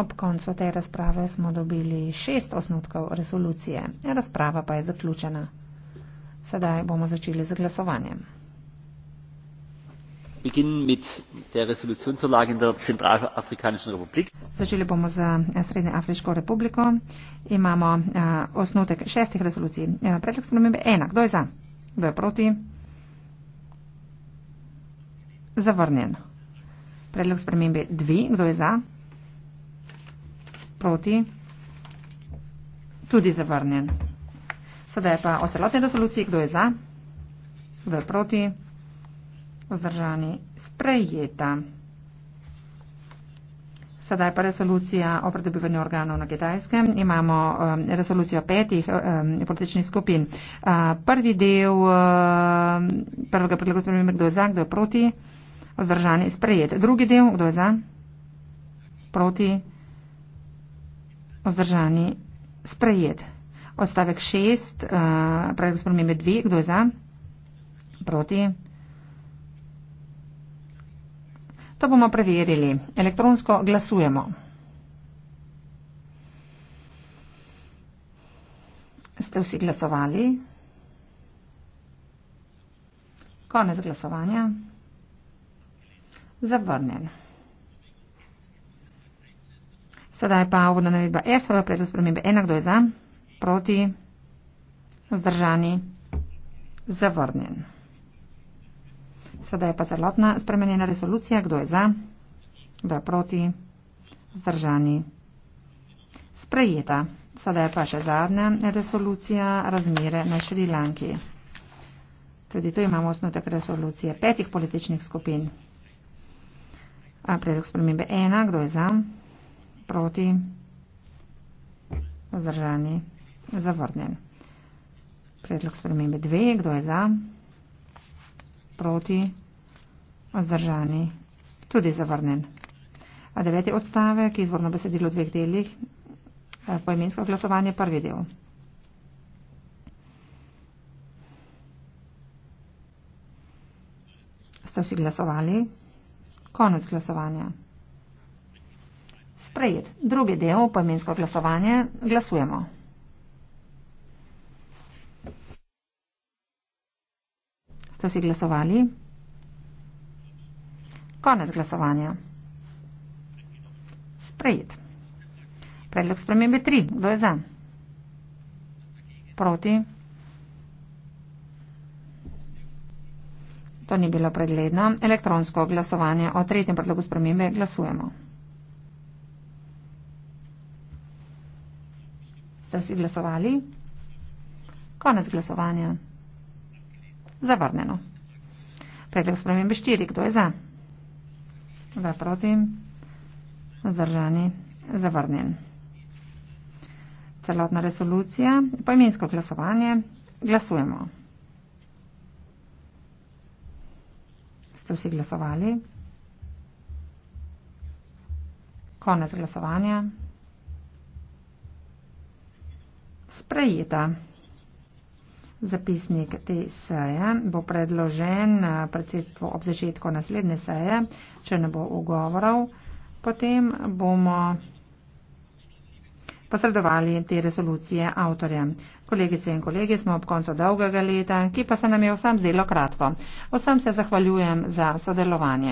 Ob koncu te razprave smo dobili šest osnutkov resolucije. Razprava pa je zaključena. Sedaj bomo začeli z glasovanjem. Začeli bomo z eh, Srednje Afriško republiko. Imamo uh, osnutek šestih resolucij. Eh, predlog spremembe ena. Kdo je za? Kdo je proti? Zavrnjen. Predlog spremembe dve. Kdo je za? proti tudi zavrnjen. Sedaj pa o celotni resoluciji, kdo je za, kdo je proti, vzdržani sprejeta. Sedaj pa resolucija o predobivanju organov na Kitajskem. Imamo um, resolucijo petih um, političnih skupin. Uh, prvi del uh, prvega predloga spremembe, kdo je za, kdo je proti, vzdržani sprejeta. Drugi del, kdo je za, proti, vzdržani sprejeta. Vzdržani sprejet. Odstavek šest, uh, predlog spremembe dve, kdo je za? Proti? To bomo preverili. Elektronsko glasujemo. Ste vsi glasovali? Konec glasovanja. Zavrnjen. Sedaj pa uvodna navedba F, predlog spremembe ena, kdo je za, proti, vzdržani, zavrnjen. Sedaj pa celotna spremenjena resolucija, kdo je za, kdo je proti, vzdržani, sprejeta. Sedaj pa še zadnja resolucija, razmere na Šrilanki. Tudi tu imamo osnotek resolucije petih političnih skupin. Predlog spremembe ena, kdo je za proti, vzdržani, zavrnjen. Predlog spremembe dve, kdo je za, proti, vzdržani, tudi zavrnjen. A deveti odstavek, izvorno besedilo v dveh delih, eh, poimensko glasovanje, prvi del. Ste vsi glasovali? Konec glasovanja sprejet. Drugi del, poimensko glasovanje, glasujemo. Ste vsi glasovali? Konec glasovanja. Sprejet. Predlog spremembe 3. Kdo je za? Proti? To ni bilo pregledno. Elektronsko glasovanje o tretjem predlogu spremembe glasujemo. Ste vsi glasovali? Konec glasovanja. Zavrnjeno. Predlog spremembe štiri. Kdo je za? Za proti? Vzdržani? Zavrnjen. Celotna resolucija, poimensko glasovanje. Glasujemo. Ste vsi glasovali? Konec glasovanja. sprejeta. Zapisnik te seje bo predložen eh, predsedstvo ob začetku naslednje seje. Če ne bo ugovorov, potem bomo posredovali te rezolucije avtorjem. Kolegice in kolegi, smo ob koncu dolgega leta, ki pa se nam je vsem zdelo kratko. Vsem se zahvaljujem za sodelovanje.